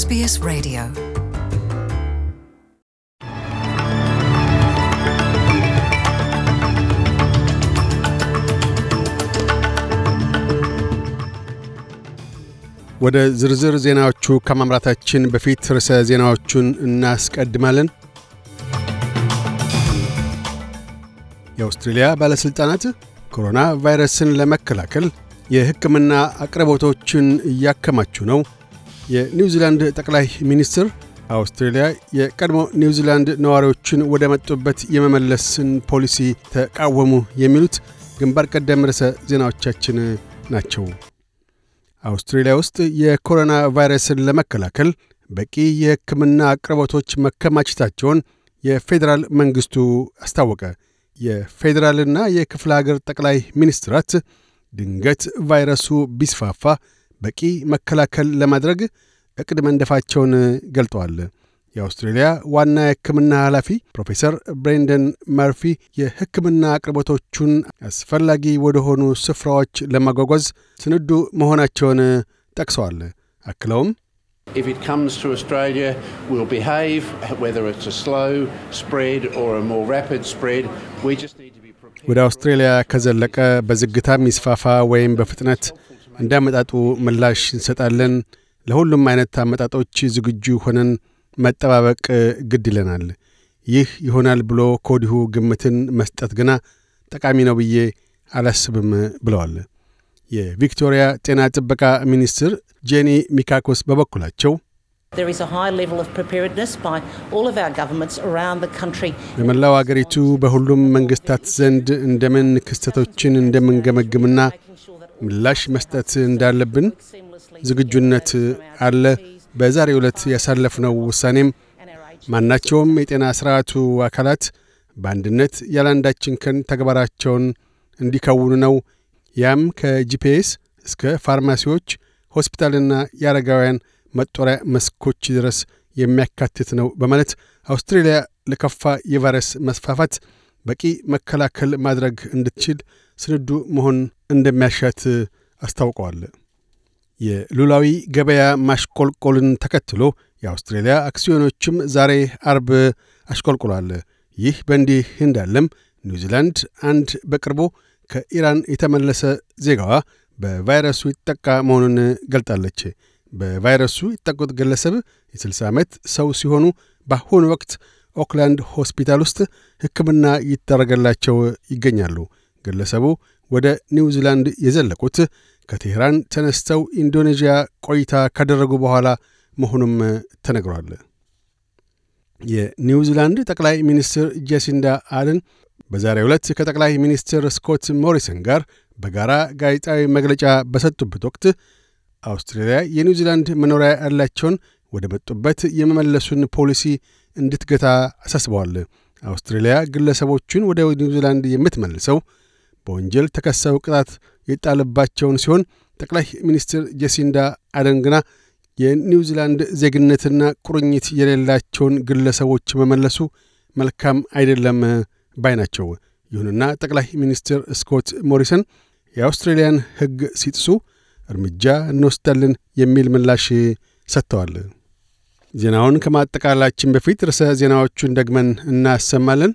SBS Radio. ወደ ዝርዝር ዜናዎቹ ከማምራታችን በፊት ርዕሰ ዜናዎቹን እናስቀድማለን። የአውስትሬልያ ባለሥልጣናት ኮሮና ቫይረስን ለመከላከል የሕክምና አቅርቦቶችን እያከማቹ ነው የኒውዚላንድ ጠቅላይ ሚኒስትር አውስትሬልያ የቀድሞ ኒውዚላንድ ነዋሪዎችን ወደ መጡበት የመመለስን ፖሊሲ ተቃወሙ የሚሉት ግንባር ቀደም ርዕሰ ዜናዎቻችን ናቸው። አውስትሬልያ ውስጥ የኮሮና ቫይረስን ለመከላከል በቂ የሕክምና አቅርቦቶች መከማቸታቸውን የፌዴራል መንግሥቱ አስታወቀ። የፌዴራልና የክፍለ አገር ጠቅላይ ሚኒስትራት ድንገት ቫይረሱ ቢስፋፋ በቂ መከላከል ለማድረግ እቅድ መንደፋቸውን ገልጠዋል። የአውስትሬሊያ ዋና የሕክምና ኃላፊ ፕሮፌሰር ብሬንደን መርፊ የሕክምና አቅርቦቶቹን አስፈላጊ ወደሆኑ ስፍራዎች ለማጓጓዝ ስንዱ መሆናቸውን ጠቅሰዋል። አክለውም ወደ አውስትሬሊያ ከዘለቀ በዝግታ ሚስፋፋ ወይም በፍጥነት እንዳመጣጡ ምላሽ እንሰጣለን። ለሁሉም አይነት አመጣጦች ዝግጁ ሆነን መጠባበቅ ግድ ይለናል። ይህ ይሆናል ብሎ ከወዲሁ ግምትን መስጠት ግና ጠቃሚ ነው ብዬ አላስብም ብለዋል። የቪክቶሪያ ጤና ጥበቃ ሚኒስትር ጄኒ ሚካኮስ በበኩላቸው በመላው አገሪቱ በሁሉም መንግስታት ዘንድ እንደምን ክስተቶችን እንደምንገመግምና ምላሽ መስጠት እንዳለብን ዝግጁነት አለ። በዛሬ ዕለት ያሳለፍነው ውሳኔም ማናቸውም የጤና ሥርዓቱ አካላት በአንድነት ያላንዳችን ከን ተግባራቸውን እንዲከውኑ ነው። ያም ከጂፒኤስ እስከ ፋርማሲዎች፣ ሆስፒታልና የአረጋውያን መጦሪያ መስኮች ድረስ የሚያካትት ነው በማለት አውስትሬልያ ለከፋ የቫይረስ መስፋፋት በቂ መከላከል ማድረግ እንድትችል ስንዱ መሆን እንደሚያሻት አስታውቀዋል። የሉላዊ ገበያ ማሽቆልቆልን ተከትሎ የአውስትሬልያ አክሲዮኖችም ዛሬ አርብ አሽቆልቁሏል። ይህ በእንዲህ እንዳለም ኒውዚላንድ አንድ በቅርቡ ከኢራን የተመለሰ ዜጋዋ በቫይረሱ ይጠቃ መሆኑን ገልጣለች። በቫይረሱ ይጠቁት ግለሰብ የ60 ዓመት ሰው ሲሆኑ በአሁኑ ወቅት ኦክላንድ ሆስፒታል ውስጥ ሕክምና ይደረገላቸው ይገኛሉ። ግለሰቡ ወደ ኒውዚላንድ የዘለቁት ከቴህራን ተነስተው ኢንዶኔዥያ ቆይታ ካደረጉ በኋላ መሆኑም ተነግሯል። የኒውዚላንድ ጠቅላይ ሚኒስትር ጀሲንዳ አድን በዛሬ ሁለት ከጠቅላይ ሚኒስትር ስኮት ሞሪሰን ጋር በጋራ ጋዜጣዊ መግለጫ በሰጡበት ወቅት አውስትራሊያ የኒውዚላንድ መኖሪያ ያላቸውን ወደ መጡበት የመመለሱን ፖሊሲ እንድትገታ አሳስበዋል። አውስትራሊያ ግለሰቦቹን ወደ ኒውዚላንድ የምትመልሰው በወንጀል ተከሰው ቅጣት የጣለባቸውን ሲሆን ጠቅላይ ሚኒስትር ጄሲንዳ አደን ግና የኒውዚላንድ ዜግነትና ቁርኝት የሌላቸውን ግለሰቦች መመለሱ መልካም አይደለም ባይ ናቸው። ይሁንና ጠቅላይ ሚኒስትር ስኮት ሞሪሰን የአውስትሬልያን ሕግ ሲጥሱ እርምጃ እንወስዳለን የሚል ምላሽ ሰጥተዋል። ዜናውን ከማጠቃላችን በፊት ርዕሰ ዜናዎቹን ደግመን እናሰማለን።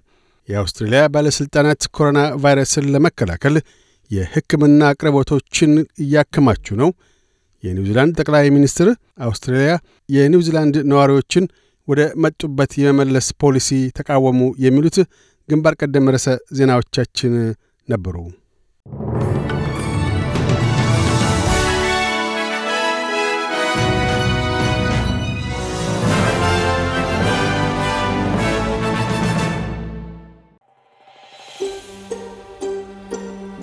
የአውስትሬልያ ባለሥልጣናት ኮሮና ቫይረስን ለመከላከል የሕክምና አቅርቦቶችን እያከማቹ ነው። የኒውዚላንድ ጠቅላይ ሚኒስትር አውስትሬልያ የኒውዚላንድ ነዋሪዎችን ወደ መጡበት የመመለስ ፖሊሲ ተቃወሙ። የሚሉት ግንባር ቀደም ርዕሰ ዜናዎቻችን ነበሩ።